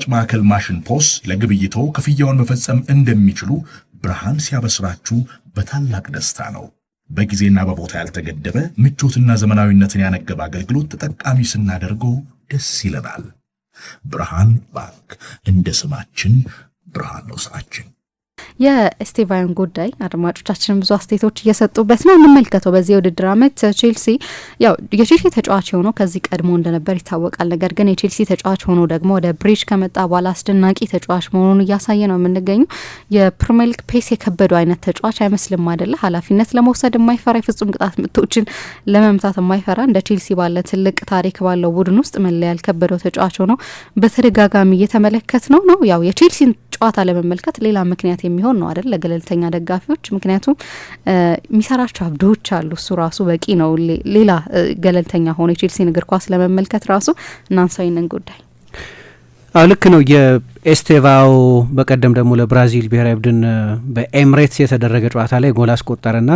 የሽያጭ ማዕከል ማሽን ፖስ ለግብይቶ ክፍያውን መፈጸም እንደሚችሉ ብርሃን ሲያበስራችሁ በታላቅ ደስታ ነው። በጊዜና በቦታ ያልተገደበ ምቾትና ዘመናዊነትን ያነገበ አገልግሎት ተጠቃሚ ስናደርገው ደስ ይለናል። ብርሃን ባንክ እንደ ስማችን ብርሃን ነው ስራችን። የኤስቴቫዮን ጉዳይ አድማጮቻችንም ብዙ አስተያየቶች እየሰጡበት ነው። እንመልከተው። በዚህ የውድድር አመት ቼልሲ ያው የቼልሲ ተጫዋች የሆነው ከዚህ ቀድሞ እንደነበር ይታወቃል። ነገር ግን የቼልሲ ተጫዋች ሆኖ ደግሞ ወደ ብሪጅ ከመጣ በኋላ አስደናቂ ተጫዋች መሆኑን እያሳየ ነው የምንገኙ። የፕሪሚየር ሊግ ፔስ የከበደው አይነት ተጫዋች አይመስልም አይደለ? ኃላፊነት ለመውሰድ የማይፈራ የፍጹም ቅጣት ምቶችን ለመምታት የማይፈራ እንደ ቼልሲ ባለ ትልቅ ታሪክ ባለው ቡድን ውስጥ መለያ ያልከበደው ተጫዋች ሆኖ በተደጋጋሚ እየተመለከት ነው ነው ያው የቼልሲን ጨዋታ ለመመልከት ሌላ ምክንያት የሚሆን ነው አይደል? ለገለልተኛ ደጋፊዎች። ምክንያቱም የሚሰራቸው አብዶዎች አሉ። እሱ ራሱ በቂ ነው። ሌላ ገለልተኛ ሆኖ የቼልሲን እግር ኳስ ለመመልከት ራሱ እናንሳ ይንን ጉዳይ። አዎ ልክ ነው። የኤስቴቫው በቀደም ደግሞ ለብራዚል ብሔራዊ ቡድን በኤምሬትስ የተደረገ ጨዋታ ላይ ጎል አስቆጠረና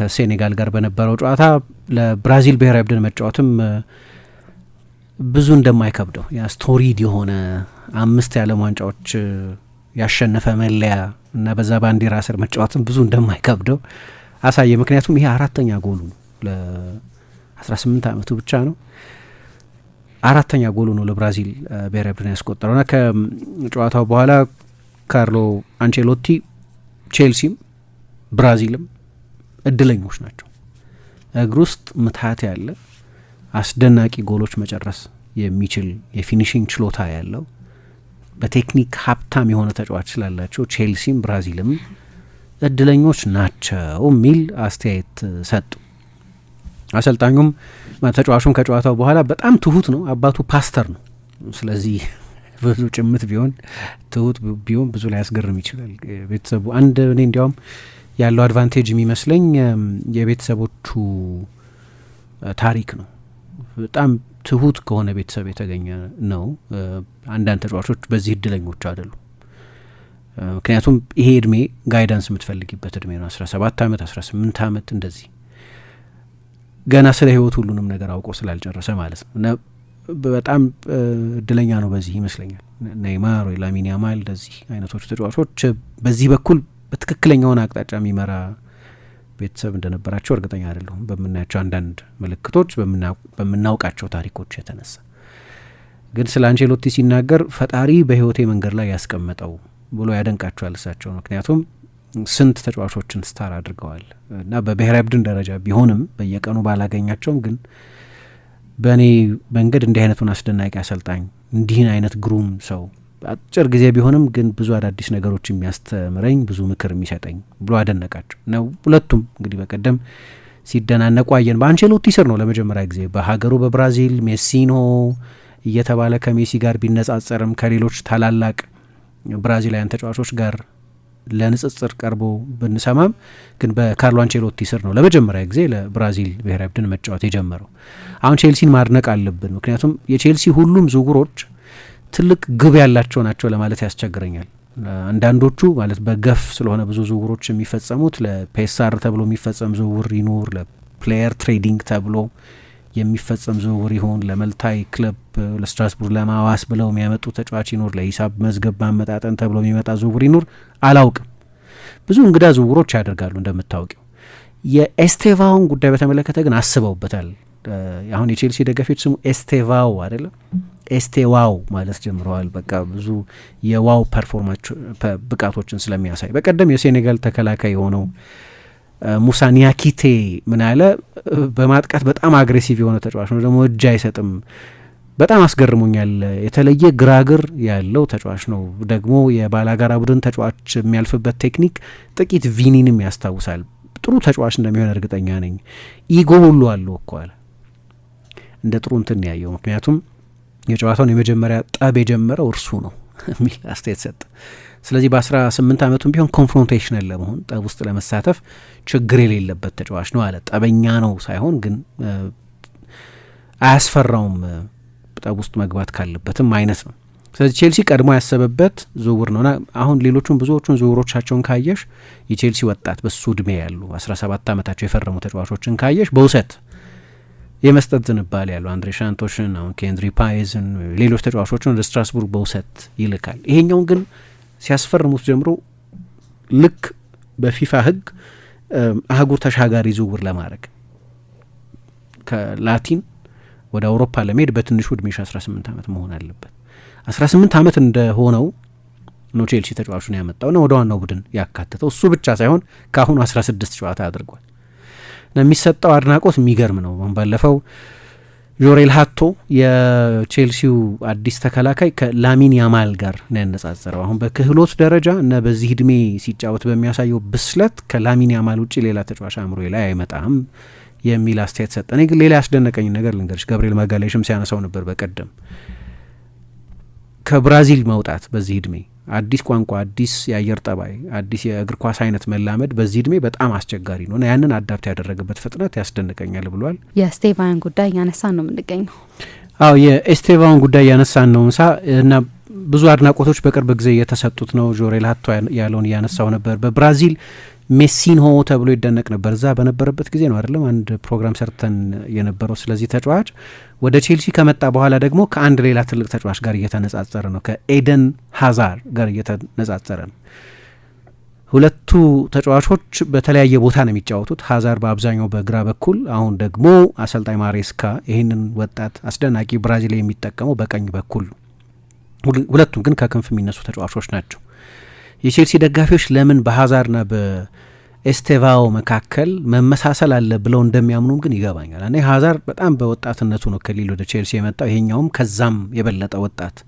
ከሴኔጋል ጋር በነበረው ጨዋታ ለብራዚል ብሔራዊ ቡድን መጫወትም ብዙ እንደማይከብደው ያ ስቶሪድ የሆነ አምስት የዓለም ዋንጫዎች ያሸነፈ መለያ እና በዛ ባንዲራ ስር መጫወትም ብዙ እንደማይከብደው አሳየ። ምክንያቱም ይሄ አራተኛ ጎሉ ነው፣ ለ18 ዓመቱ ብቻ ነው አራተኛ ጎሉ ነው ለብራዚል ብሔራዊ ቡድን እና ከጨዋታው በኋላ ካርሎ አንቼሎቲ ቼልሲም ብራዚልም እድለኞች ናቸው፣ እግር ውስጥ ምትሀት ያለ አስደናቂ ጎሎች መጨረስ የሚችል የፊኒሽንግ ችሎታ ያለው በቴክኒክ ሀብታም የሆነ ተጫዋች ስላላቸው ቼልሲም ብራዚልም እድለኞች ናቸው የሚል አስተያየት ሰጡ። አሰልጣኙም ተጫዋቹም ከጨዋታው በኋላ በጣም ትሁት ነው፣ አባቱ ፓስተር ነው። ስለዚህ ብዙ ጭምት ቢሆን ትሁት ቢሆን ብዙ ላይ ያስገርም ይችላል። ቤተሰቡ አንድ እኔ እንዲያውም ያለው አድቫንቴጅ የሚመስለኝ የቤተሰቦቹ ታሪክ ነው በጣም ትሁት ከሆነ ቤተሰብ የተገኘ ነው። አንዳንድ ተጫዋቾች በዚህ እድለኞች አይደሉም። ምክንያቱም ይሄ እድሜ ጋይዳንስ የምትፈልጊበት እድሜ ነው። አስራ ሰባት አመት አስራ ስምንት አመት እንደዚህ ገና ስለ ህይወት ሁሉንም ነገር አውቆ ስላልጨረሰ ማለት ነው እና በጣም እድለኛ ነው በዚህ ይመስለኛል። ኔይማር ወይ ላሚን ያማል እንደዚህ አይነቶቹ ተጫዋቾች በዚህ በኩል በትክክለኛውን አቅጣጫ የሚመራ ቤተሰብ እንደነበራቸው እርግጠኛ አይደለሁም። በምናያቸው አንዳንድ ምልክቶች፣ በምናውቃቸው ታሪኮች የተነሳ ግን ስለ አንቼሎቲ ሲናገር ፈጣሪ በህይወቴ መንገድ ላይ ያስቀመጠው ብሎ ያደንቃቸዋል እሳቸው። ምክንያቱም ስንት ተጫዋቾችን ስታር አድርገዋል እና በብሔራዊ ቡድን ደረጃ ቢሆንም በየቀኑ ባላገኛቸውም ግን በእኔ መንገድ እንዲህ አይነቱን አስደናቂ አሰልጣኝ እንዲህን አይነት ግሩም ሰው አጭር ጊዜ ቢሆንም ግን ብዙ አዳዲስ ነገሮች የሚያስተምረኝ ብዙ ምክር የሚሰጠኝ ብሎ አደነቃቸው ነው። ሁለቱም እንግዲህ በቀደም ሲደናነቁ አየን። በአንቸሎቲ ስር ነው ለመጀመሪያ ጊዜ በሀገሩ በብራዚል ሜሲኖ እየተባለ ከሜሲ ጋር ቢነጻጸርም ከሌሎች ታላላቅ ብራዚላውያን ተጫዋቾች ጋር ለንጽጽር ቀርቦ ብንሰማም ግን በካርሎ አንቸሎቲ ስር ነው ለመጀመሪያ ጊዜ ለብራዚል ብሔራዊ ቡድን መጫወት የጀመረው። አሁን ቼልሲን ማድነቅ አለብን፣ ምክንያቱም የቼልሲ ሁሉም ዝውውሮች ትልቅ ግብ ያላቸው ናቸው ለማለት ያስቸግረኛል። አንዳንዶቹ ማለት በገፍ ስለሆነ ብዙ ዝውውሮች የሚፈጸሙት ለፔሳር ተብሎ የሚፈጸም ዝውውር ይኖር፣ ለፕሌየር ትሬዲንግ ተብሎ የሚፈጸም ዝውውር ይሆን፣ ለመልታይ ክለብ ለስትራስቡርግ ለማዋስ ብለው የሚያመጡ ተጫዋች ይኖር፣ ለሂሳብ መዝገብ ማመጣጠን ተብሎ የሚመጣ ዝውውር ይኖር፣ አላውቅም። ብዙ እንግዳ ዝውውሮች ያደርጋሉ እንደምታውቂው። የኤስቴቫውን ጉዳይ በተመለከተ ግን አስበውበታል። አሁን የቼልሲ ደጋፊዎች ስሙ ኤስቴቫው አይደለም ኤስቴዋው ማለት ጀምረዋል። በቃ ብዙ የዋው ፐርፎርማ ብቃቶችን ስለሚያሳይ በቀደም የሴኔጋል ተከላካይ የሆነው ሙሳ ኒያኪቴ ምን አለ፣ በማጥቃት በጣም አግሬሲቭ የሆነ ተጫዋች ነው፣ ደግሞ እጅ አይሰጥም። በጣም አስገርሞኛል። የተለየ ግራግር ያለው ተጫዋች ነው። ደግሞ የባላጋራ ቡድን ተጫዋች የሚያልፍበት ቴክኒክ ጥቂት ቪኒንም ያስታውሳል። ጥሩ ተጫዋች እንደሚሆን እርግጠኛ ነኝ። ኢጎ ሁሉ አለው እኮ አለ እንደ ጥሩ እንትን ያየው ምክንያቱም የጨዋታውን የመጀመሪያ ጠብ የጀመረው እርሱ ነው የሚል አስተያየት ሰጠ። ስለዚህ በአስራ ስምንት ዓመቱም ቢሆን ኮንፍሮንቴሽናል ለመሆን ጠብ ውስጥ ለመሳተፍ ችግር የሌለበት ተጫዋች ነው አለ። ጠበኛ ነው ሳይሆን ግን አያስፈራውም ጠብ ውስጥ መግባት ካለበትም አይነት ነው። ስለዚህ ቼልሲ ቀድሞ ያሰበበት ዝውውር ነውና አሁን ሌሎቹን ብዙዎቹን ዝውውሮቻቸውን ካየሽ የቼልሲ ወጣት በሱ እድሜ ያሉ ሰባት ዓመታቸው የፈረሙ ተጫዋቾችን ካየሽ በውሰት የመስጠት ዝንባሌ ያሉ አንድሬ ሻንቶሽን፣ አሁን ኬንድሪ ፓይዝን፣ ሌሎች ተጫዋቾችን ወደ ስትራስቡርግ በውሰት ይልካል። ይሄኛውን ግን ሲያስፈርሙት ጀምሮ ልክ በፊፋ ህግ አህጉር ተሻጋሪ ዝውውር ለማድረግ ከላቲን ወደ አውሮፓ ለመሄድ በትንሹ እድሜሽ 18 ዓመት መሆን አለበት። 18 ዓመት እንደሆነው ነው ቼልሲ ተጫዋቹን ያመጣውና ወደ ዋናው ቡድን ያካተተው። እሱ ብቻ ሳይሆን ከአሁኑ 16 ጨዋታ አድርጓል። የሚሰጠው አድናቆት የሚገርም ነው። አሁን ባለፈው ጆሬል ሀቶ የቼልሲው አዲስ ተከላካይ ከላሚን ያማል ጋር ነው ያነጻጸረው። አሁን በክህሎት ደረጃ እና በዚህ እድሜ ሲጫወት በሚያሳየው ብስለት ከላሚን ያማል ውጭ ሌላ ተጫዋች አእምሮ ላይ አይመጣም የሚል አስተያየት ሰጠ። እኔ ግን ሌላ ያስደነቀኝ ነገር ልንገርሽ፣ ገብርኤል ማጋሌሽም ሲያነሳው ነበር በቀደም ከብራዚል መውጣት በዚህ እድሜ አዲስ ቋንቋ፣ አዲስ የአየር ጠባይ፣ አዲስ የእግር ኳስ አይነት መላመድ በዚህ እድሜ በጣም አስቸጋሪ ነው እና ያንን አዳፕት ያደረገበት ፍጥነት ያስደንቀኛል ብሏል። የስቴቫን ጉዳይ እያነሳን ነው የምንገኘው። አዎ የኤስቴቫን ጉዳይ እያነሳን ነው ምሳ እና ብዙ አድናቆቶች በቅርብ ጊዜ የተሰጡት ነው። ጆሬ ላቶ ያለውን እያነሳው ነበር በብራዚል ሜሲንሆ ተብሎ ይደነቅ ነበር። እዛ በነበረበት ጊዜ ነው አይደለም አንድ ፕሮግራም ሰርተን የነበረው ስለዚህ ተጫዋች። ወደ ቼልሲ ከመጣ በኋላ ደግሞ ከአንድ ሌላ ትልቅ ተጫዋች ጋር እየተነጻጸረ ነው፣ ከኤደን ሀዛር ጋር እየተነጻጸረ ነው። ሁለቱ ተጫዋቾች በተለያየ ቦታ ነው የሚጫወቱት። ሀዛር በአብዛኛው በግራ በኩል፣ አሁን ደግሞ አሰልጣኝ ማሬስካ ይህንን ወጣት አስደናቂ ብራዚል የሚጠቀመው በቀኝ በኩል። ሁለቱም ግን ከክንፍ የሚነሱ ተጫዋቾች ናቸው። የቼልሲ ደጋፊዎች ለምን በሀዛርና በኤስቴቫኦ መካከል መመሳሰል አለ ብለው እንደሚያምኑም ግን ይገባኛል። እኔ ሀዛር በጣም በወጣትነቱ ነው ከሊል ወደ ቼልሲ የመጣው። ይሄኛውም ከዛም የበለጠ ወጣት፣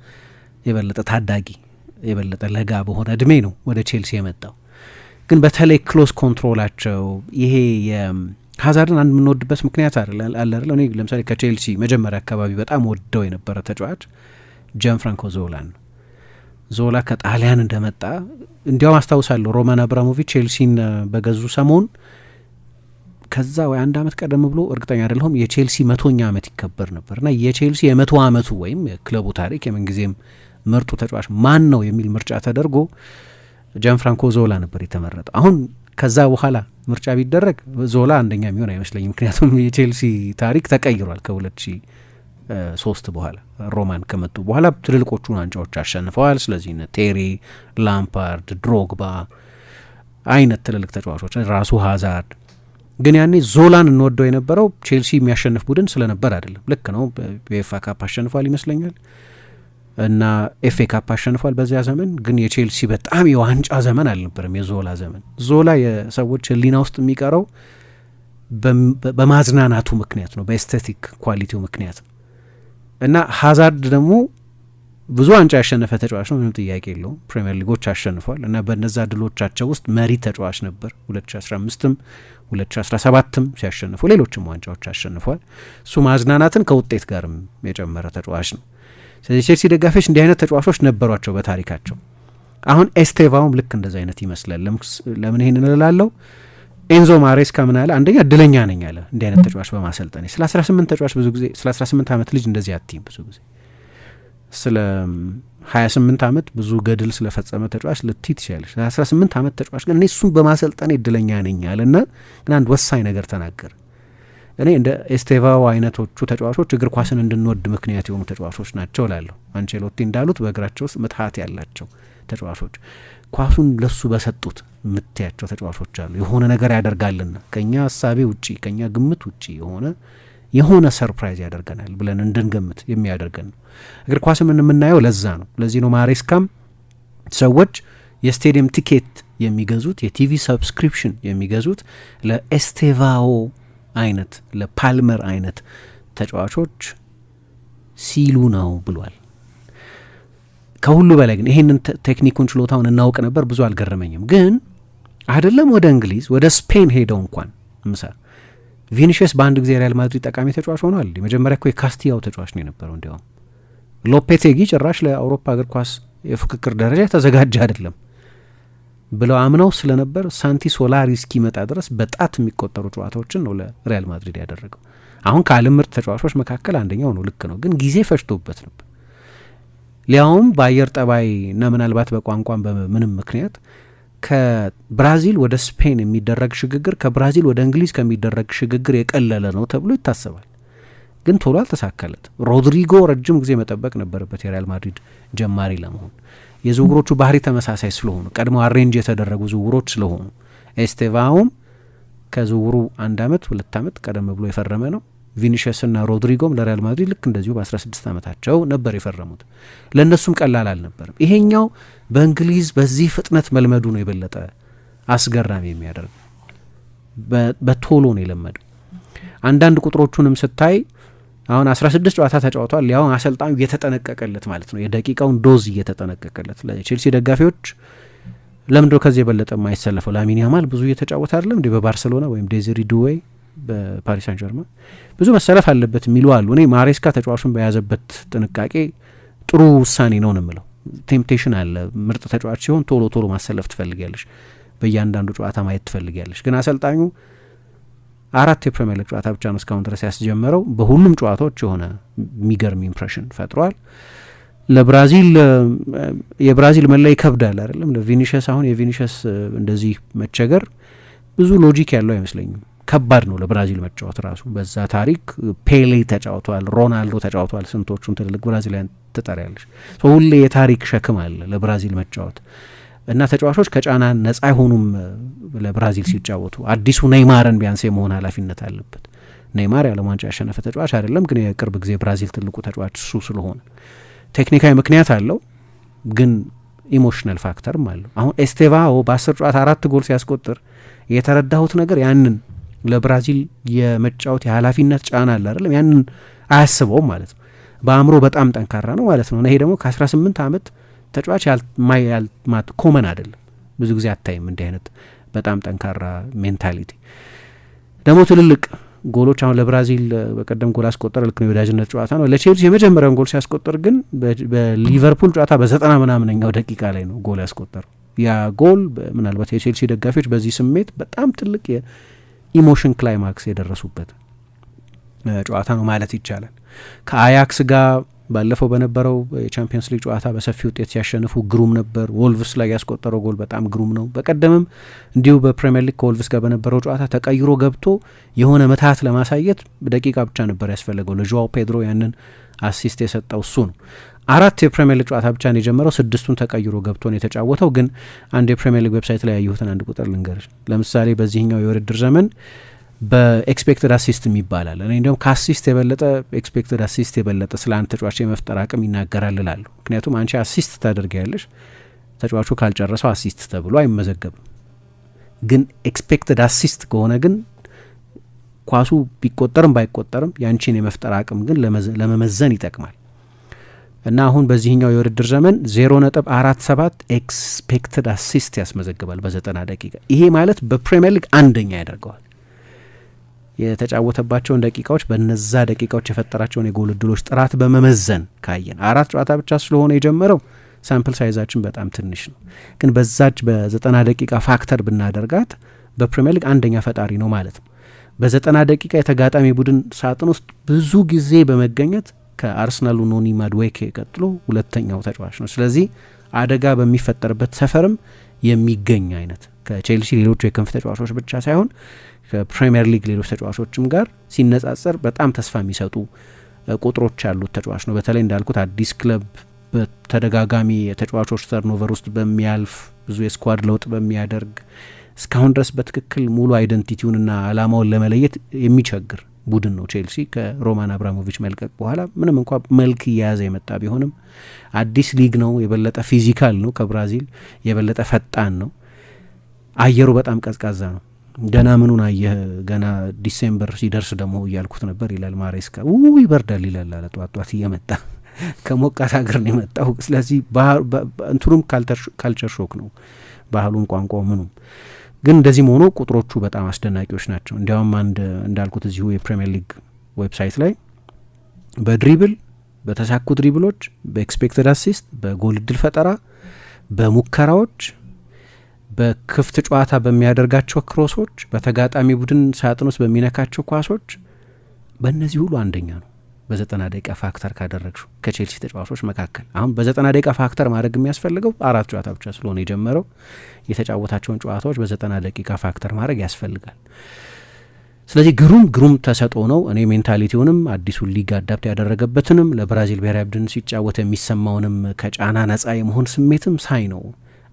የበለጠ ታዳጊ፣ የበለጠ ለጋ በሆነ እድሜ ነው ወደ ቼልሲ የመጣው። ግን በተለይ ክሎስ ኮንትሮላቸው ይሄ ሃዛርድን አንድ የምንወድበት ምክንያት አለ። እኔ ለምሳሌ ከቼልሲ መጀመሪያ አካባቢ በጣም ወደው የነበረ ተጫዋች ጃን ፍራንኮ ዞላን ነው ዞላ ከጣሊያን እንደመጣ እንዲያውም አስታውሳለሁ። ሮማን አብራሞቪች ቼልሲን በገዙ ሰሞን ከዛ ወይ አንድ አመት ቀደም ብሎ እርግጠኛ አይደለሁም የቼልሲ መቶኛ አመት ይከበር እና የቼልሲ የመቶ አመቱ ወይም የክለቡ ታሪክ የምንጊዜም ምርጡ ተጫዋች ማን ነው የሚል ምርጫ ተደርጎ ጃን ፍራንኮ ዞላ ነበር የተመረጠ። አሁን ከዛ በኋላ ምርጫ ቢደረግ ዞላ አንደኛ የሚሆን አይመስለኝም። ምክንያቱም የቼልሲ ታሪክ ተቀይሯል ከሁለት ሺህ ሶስት በኋላ ሮማን ከመጡ በኋላ ትልልቆቹን ዋንጫዎች አሸንፈዋል። ስለዚህ ቴሪ፣ ላምፓርድ፣ ድሮግባ አይነት ትልልቅ ተጫዋቾች ራሱ ሀዛርድ ግን ያኔ ዞላን እንወደው የነበረው ቼልሲ የሚያሸንፍ ቡድን ስለነበር አይደለም። ልክ ነው። ዩኤፋ ካፕ አሸንፏል ይመስለኛል እና ኤፍ ኤ ካፕ አሸንፏል በዚያ ዘመን። ግን የቼልሲ በጣም የዋንጫ ዘመን አልነበረም የዞላ ዘመን። ዞላ የሰዎች ሕሊና ውስጥ የሚቀረው በማዝናናቱ ምክንያት ነው፣ በኤስቴቲክ ኳሊቲው ምክንያት ነው። እና ሀዛርድ ደግሞ ብዙ ዋንጫ ያሸነፈ ተጫዋች ነው፣ ምንም ጥያቄ የለውም። ፕሪምየር ሊጎች አሸንፏል እና በነዛ ድሎቻቸው ውስጥ መሪ ተጫዋች ነበር። 2015ም 2017ም ሲያሸንፉ ሌሎችም ዋንጫዎች አሸንፏል። እሱ ማዝናናትን ከውጤት ጋርም የጨመረ ተጫዋች ነው። ስለዚህ ቼልሲ ደጋፊዎች እንዲህ አይነት ተጫዋቾች ነበሯቸው በታሪካቸው። አሁን ኤስቴቫውም ልክ እንደዚ አይነት ይመስላል። ለምን ይህን እንላለው? ኤንዞ ማሬስካ ምን አለ? አንደኛ እድለኛ ነኝ አለ እንዲህ አይነት ተጫዋች በማሰልጠኔ። ስለ 18 ተጫዋች ብዙ ጊዜ ስለ 18 ዓመት ልጅ እንደዚህ አትይም። ብዙ ጊዜ ስለ 28 ዓመት ብዙ ገድል ስለፈጸመ ተጫዋች ልትይ ትችላለች። ስለ 18 ዓመት ተጫዋች ግን እኔ እሱን በማሰልጠኔ እድለኛ ነኝ አለ እና ግን አንድ ወሳኝ ነገር ተናገር። እኔ እንደ ኤስቴቫው አይነቶቹ ተጫዋቾች እግር ኳስን እንድንወድ ምክንያት የሆኑ ተጫዋቾች ናቸው ላለሁ አንቼሎቲ እንዳሉት በእግራቸው ውስጥ ምትሀት ያላቸው ተጫዋቾች ኳሱን ለሱ በሰጡት ምታያቸው ተጫዋቾች አሉ። የሆነ ነገር ያደርጋልና ከኛ ሀሳቤ ውጪ ከኛ ግምት ውጪ የሆነ የሆነ ሰርፕራይዝ ያደርገናል ብለን እንድንገምት የሚያደርገን ነው። እግር ኳስም የምናየው ለዛ ነው። ለዚህ ነው ማሬስካም ሰዎች የስቴዲየም ቲኬት የሚገዙት የቲቪ ሰብስክሪፕሽን የሚገዙት ለኤስቴቫኦ አይነት ለፓልመር አይነት ተጫዋቾች ሲሉ ነው ብሏል። ከሁሉ በላይ ግን ይሄንን ቴክኒኩን ችሎታውን እናውቅ ነበር፣ ብዙ አልገረመኝም። ግን አይደለም ወደ እንግሊዝ ወደ ስፔን ሄደው እንኳን ምሳ ቪኒሽስ በአንድ ጊዜ ሪያል ማድሪድ ጠቃሚ ተጫዋች ሆኗል። የመጀመሪያ እኮ የካስቲያው ተጫዋች ነው የነበረው። እንዲያውም ሎፔቴጊ ጭራሽ ለአውሮፓ እግር ኳስ የፉክክር ደረጃ የተዘጋጀ አይደለም ብለው አምነው ስለነበር ሳንቲ ሶላሪ እስኪመጣ ድረስ በጣት የሚቆጠሩ ጨዋታዎችን ነው ለሪያል ማድሪድ ያደረገው። አሁን ከዓለም ምርጥ ተጫዋቾች መካከል አንደኛው ነው። ልክ ነው፣ ግን ጊዜ ፈጅቶበት ነበር። ሊያውም በአየር ጠባይና ምናልባት በቋንቋን በምንም ምክንያት ከብራዚል ወደ ስፔን የሚደረግ ሽግግር ከብራዚል ወደ እንግሊዝ ከሚደረግ ሽግግር የቀለለ ነው ተብሎ ይታሰባል። ግን ቶሎ አልተሳካለት። ሮድሪጎ ረጅም ጊዜ መጠበቅ ነበረበት የሪያል ማድሪድ ጀማሪ ለመሆን። የዝውውሮቹ ባህሪ ተመሳሳይ ስለሆኑ ቀድሞ አሬንጅ የተደረጉ ዝውውሮች ስለሆኑ ኤስቴቫውም ከዝውውሩ አንድ ዓመት ሁለት ዓመት ቀደም ብሎ የፈረመ ነው። ቪኒሽስና ሮድሪጎም ለሪያል ማድሪድ ልክ እንደዚሁ በ16 ዓመታቸው ነበር የፈረሙት። ለእነሱም ቀላል አልነበርም። ይሄኛው በእንግሊዝ በዚህ ፍጥነት መልመዱ ነው የበለጠ አስገራሚ የሚያደርግ በቶሎ ነው የለመዱ። አንዳንድ ቁጥሮቹንም ስታይ አሁን 16 ጨዋታ ተጫውቷል። ያሁን አሰልጣኙ እየተጠነቀቀለት ማለት ነው፣ የደቂቃውን ዶዝ እየተጠነቀቀለት። ለቼልሲ ደጋፊዎች ለምንድነው ከዚህ የበለጠ የማይሰለፈው? ላሚን ያማል ብዙ እየተጫወተ አይደለም እንዲህ በባርሰሎና ወይም ዴዚሪ ዱዌይ በፓሪስ ሳን ጀርማ ብዙ መሰለፍ አለበት የሚሉ አሉ። እኔ ማሬስካ ተጫዋቹን በያዘበት ጥንቃቄ ጥሩ ውሳኔ ነው ነው የምለው። ቴምፕቴሽን አለ። ምርጥ ተጫዋች ሲሆን ቶሎ ቶሎ ማሰለፍ ትፈልጊያለሽ፣ በእያንዳንዱ ጨዋታ ማየት ትፈልጊያለሽ። ግን አሰልጣኙ አራት የፕሪሚየር ሊግ ጨዋታ ብቻ ነው እስካሁን ድረስ ያስጀመረው። በሁሉም ጨዋታዎች የሆነ የሚገርም ኢምፕሬሽን ፈጥሯል። ለብራዚል የብራዚል መለያ ይከብዳል አይደለም። ለቪኒሸስ አሁን የቪኒሸስ እንደዚህ መቸገር ብዙ ሎጂክ ያለው አይመስለኝም። ከባድ ነው ለብራዚል መጫወት ራሱ። በዛ ታሪክ ፔሌ ተጫውተዋል፣ ሮናልዶ ተጫውቷል። ስንቶቹን ትልልቅ ብራዚላውያን ትጠሪያለች ሁሌ የታሪክ ሸክም አለ ለብራዚል መጫወት እና ተጫዋቾች ከጫና ነጻ አይሆኑም። ለብራዚል ሲጫወቱ አዲሱ ኔይማርን ቢያንስ የመሆን ኃላፊነት አለበት። ኔይማር የዓለም ዋንጫ ያሸነፈ ተጫዋች አይደለም፣ ግን የቅርብ ጊዜ ብራዚል ትልቁ ተጫዋች እሱ ስለሆነ ቴክኒካዊ ምክንያት አለው፣ ግን ኢሞሽናል ፋክተርም አለው። አሁን ኤስቴቫኦ በአስር ጨዋታ አራት ጎል ሲያስቆጥር የተረዳሁት ነገር ያንን ለብራዚል የመጫወት የኃላፊነት ጫና አለ አይደለም፣ ያንን አያስበውም ማለት ነው። በአእምሮ በጣም ጠንካራ ነው ማለት ነው። ይሄ ደግሞ ከ18 ዓመት ተጫዋች ያልማት ኮመን አይደለም። ብዙ ጊዜ አታይም እንዲህ አይነት በጣም ጠንካራ ሜንታሊቲ። ደግሞ ትልልቅ ጎሎች አሁን ለብራዚል በቀደም ጎል አስቆጠረ። ልክ ነው የወዳጅነት ጨዋታ ነው። ለቼልሲ የመጀመሪያውን ጎል ሲያስቆጠር ግን በሊቨርፑል ጨዋታ በዘጠና ምናምነኛው ደቂቃ ላይ ነው ጎል ያስቆጠረው። ያ ጎል ምናልባት የቼልሲ ደጋፊዎች በዚህ ስሜት በጣም ትልቅ ኢሞሽን ክላይማክስ የደረሱበት ጨዋታ ነው ማለት ይቻላል። ከአያክስ ጋር ባለፈው በነበረው የቻምፒየንስ ሊግ ጨዋታ በሰፊ ውጤት ሲያሸንፉ ግሩም ነበር። ወልቭስ ላይ ያስቆጠረው ጎል በጣም ግሩም ነው። በቀደምም እንዲሁ በፕሪምየር ሊግ ከወልቭስ ጋር በነበረው ጨዋታ ተቀይሮ ገብቶ የሆነ ምትሃት ለማሳየት ደቂቃ ብቻ ነበር ያስፈለገው። ለዋው ፔድሮ ያንን አሲስት የሰጠው እሱ ነው። አራት የፕሪምየር ሊግ ጨዋታ ብቻ ነው የጀመረው። ስድስቱን ተቀይሮ ገብቶ ነው የተጫወተው። ግን አንድ የፕሪምየር ሊግ ዌብሳይት ላይ ያየሁትን አንድ ቁጥር ልንገርሽ። ለምሳሌ በዚህኛው የውድድር ዘመን በኤክስፔክትድ አሲስት ይባላል። እኔ እንዲሁም ከአሲስት የበለጠ ኤክስፔክትድ አሲስት የበለጠ ስለ አንድ ተጫዋች የመፍጠር አቅም ይናገራል ምክንያቱም አንቺ አሲስት ታደርጊያለሽ፣ ተጫዋቹ ካልጨረሰው አሲስት ተብሎ አይመዘገብም። ግን ኤክስፔክትድ አሲስት ከሆነ ግን ኳሱ ቢቆጠርም ባይቆጠርም ያንቺን የመፍጠር አቅም ግን ለመመዘን ይጠቅማል። እና አሁን በዚህኛው የውድድር ዘመን 0.47 ኤክስፔክትድ አሲስት ያስመዘግባል በ90 ደቂቃ። ይሄ ማለት በፕሪምየር ሊግ አንደኛ ያደርገዋል። የተጫወተባቸውን ደቂቃዎች በነዛ ደቂቃዎች የፈጠራቸውን የጎል እድሎች ጥራት በመመዘን ካየን አራት ጨዋታ ብቻ ስለሆነ የጀመረው ሳምፕል ሳይዛችን በጣም ትንሽ ነው፣ ግን በዛች በዘጠና ደቂቃ ፋክተር ብናደርጋት በፕሪምየር ሊግ አንደኛ ፈጣሪ ነው ማለት ነው በዘጠና ደቂቃ የተጋጣሚ ቡድን ሳጥን ውስጥ ብዙ ጊዜ በመገኘት ከአርሰናሉ ኖኒ ማድዌኬ ቀጥሎ ሁለተኛው ተጫዋች ነው። ስለዚህ አደጋ በሚፈጠርበት ሰፈርም የሚገኝ አይነት ከቼልሲ ሌሎቹ የክንፍ ተጫዋቾች ብቻ ሳይሆን ከፕሪምየር ሊግ ሌሎች ተጫዋቾችም ጋር ሲነጻጸር በጣም ተስፋ የሚሰጡ ቁጥሮች ያሉት ተጫዋች ነው። በተለይ እንዳልኩት አዲስ ክለብ በተደጋጋሚ የተጫዋቾች ተርኖቨር ውስጥ በሚያልፍ ብዙ የስኳድ ለውጥ በሚያደርግ እስካሁን ድረስ በትክክል ሙሉ አይደንቲቲውንና ዓላማውን ለመለየት የሚቸግር ቡድን ነው ቼልሲ ከሮማን አብራሞቪች መልቀቅ በኋላ ምንም እንኳ መልክ እየያዘ የመጣ ቢሆንም አዲስ ሊግ ነው። የበለጠ ፊዚካል ነው፣ ከብራዚል የበለጠ ፈጣን ነው። አየሩ በጣም ቀዝቃዛ ነው። ገና ምኑን አየህ ገና ዲሴምበር ሲደርስ ደግሞ እያልኩት ነበር ይላል ማሬስካ። ውይ ይበርዳል ይላል አለ ጧት ጧት እየመጣ ከሞቃት ሀገር ነው የመጣው። ስለዚህ እንትኑም ካልቸር ሾክ ነው ባህሉም ቋንቋው ምኑም ግን እንደዚህም ሆኖ ቁጥሮቹ በጣም አስደናቂዎች ናቸው። እንዲያውም አንድ እንዳልኩት እዚሁ የፕሪምየር ሊግ ዌብሳይት ላይ በድሪብል በተሳኩ ድሪብሎች፣ በኤክስፔክትድ አሲስት፣ በጎል እድል ፈጠራ፣ በሙከራዎች፣ በክፍት ጨዋታ በሚያደርጋቸው ክሮሶች፣ በተጋጣሚ ቡድን ሳጥን ውስጥ በሚነካቸው ኳሶች፣ በእነዚህ ሁሉ አንደኛ ነው። በዘጠና ደቂቃ ፋክተር ካደረግሽው ከቼልሲ ተጫዋቾች መካከል አሁን በዘጠና ደቂቃ ፋክተር ማድረግ የሚያስፈልገው አራት ጨዋታ ብቻ ስለሆነ የጀመረው የተጫወታቸውን ጨዋታዎች በዘጠና ደቂቃ ፋክተር ማድረግ ያስፈልጋል። ስለዚህ ግሩም ግሩም ተሰጦ ነው። እኔ ሜንታሊቲውንም አዲሱን ሊግ አዳፕት ያደረገበትንም ለብራዚል ብሔራዊ ቡድን ሲጫወት የሚሰማውንም ከጫና ነጻ የመሆን ስሜትም ሳይ ነው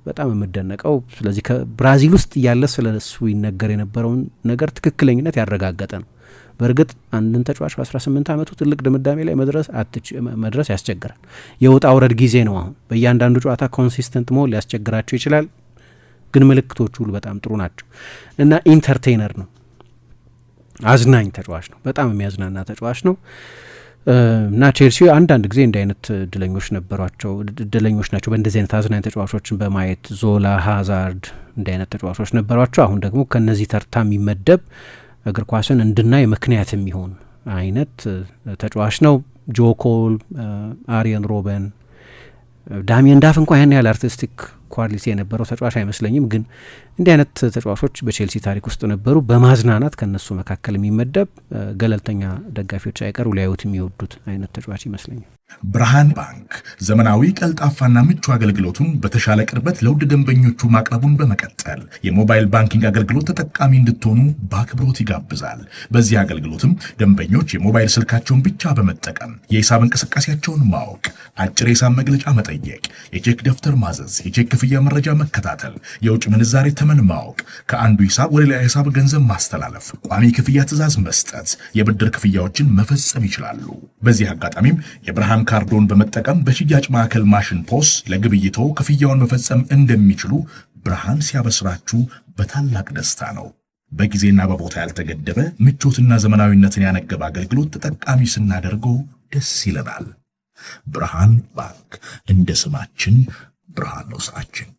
በጣም የምደነቀው። ስለዚህ ከብራዚል ውስጥ እያለ ስለሱ ይነገር የነበረውን ነገር ትክክለኝነት ያረጋገጠ ነው። በእርግጥ አንድን ተጫዋች በ18 ዓመቱ ትልቅ ድምዳሜ ላይ መድረስ መድረስ ያስቸግራል። የውጣ ውረድ ጊዜ ነው። አሁን በእያንዳንዱ ጨዋታ ኮንሲስተንት መሆን ሊያስቸግራቸው ይችላል። ግን ምልክቶቹ ሁሉ በጣም ጥሩ ናቸው እና ኢንተርቴይነር ነው። አዝናኝ ተጫዋች ነው። በጣም የሚያዝናና ተጫዋች ነው እና ቼልሲ አንዳንድ ጊዜ እንዲህ አይነት እድለኞች ነበሯቸው፣ እድለኞች ናቸው በእንደዚህ አይነት አዝናኝ ተጫዋቾችን በማየት ዞላ፣ ሀዛርድ እንዲህ አይነት ተጫዋቾች ነበሯቸው። አሁን ደግሞ ከነዚህ ተርታ የሚመደብ እግር ኳስን እንድናይ ምክንያት የሚሆን አይነት ተጫዋች ነው። ጆ ኮል፣ አሪየን ሮበን፣ ዳሚየን ዳፍ እንኳ ያን ያህል አርቲስቲክ ኳሊቲ የነበረው ተጫዋች አይመስለኝም። ግን እንዲህ አይነት ተጫዋቾች በቼልሲ ታሪክ ውስጥ ነበሩ። በማዝናናት ከነሱ መካከል የሚመደብ ገለልተኛ ደጋፊዎች አይቀሩ ሊያዩት የሚወዱት አይነት ተጫዋች ይመስለኛል። ብርሃን ባንክ ዘመናዊ ቀልጣፋና ምቹ አገልግሎቱን በተሻለ ቅርበት ለውድ ደንበኞቹ ማቅረቡን በመቀጠል የሞባይል ባንኪንግ አገልግሎት ተጠቃሚ እንድትሆኑ በአክብሮት ይጋብዛል። በዚህ አገልግሎትም ደንበኞች የሞባይል ስልካቸውን ብቻ በመጠቀም የሂሳብ እንቅስቃሴያቸውን ማወቅ፣ አጭር የሂሳብ መግለጫ መጠየቅ፣ የቼክ ደብተር ማዘዝ፣ የቼክ የክፍያ መረጃ መከታተል፣ የውጭ ምንዛሬ ተመን ማወቅ፣ ከአንዱ ሂሳብ ወደ ሌላ ሂሳብ ገንዘብ ማስተላለፍ፣ ቋሚ ክፍያ ትዕዛዝ መስጠት፣ የብድር ክፍያዎችን መፈጸም ይችላሉ። በዚህ አጋጣሚም የብርሃን ካርዶን በመጠቀም በሽያጭ ማዕከል ማሽን ፖስ ለግብይቶ ክፍያውን መፈጸም እንደሚችሉ ብርሃን ሲያበስራችሁ በታላቅ ደስታ ነው። በጊዜና በቦታ ያልተገደበ ምቾትና ዘመናዊነትን ያነገበ አገልግሎት ተጠቃሚ ስናደርገው ደስ ይለናል። ብርሃን ባንክ እንደ ስማችን ብርሃን ነው ስራችን።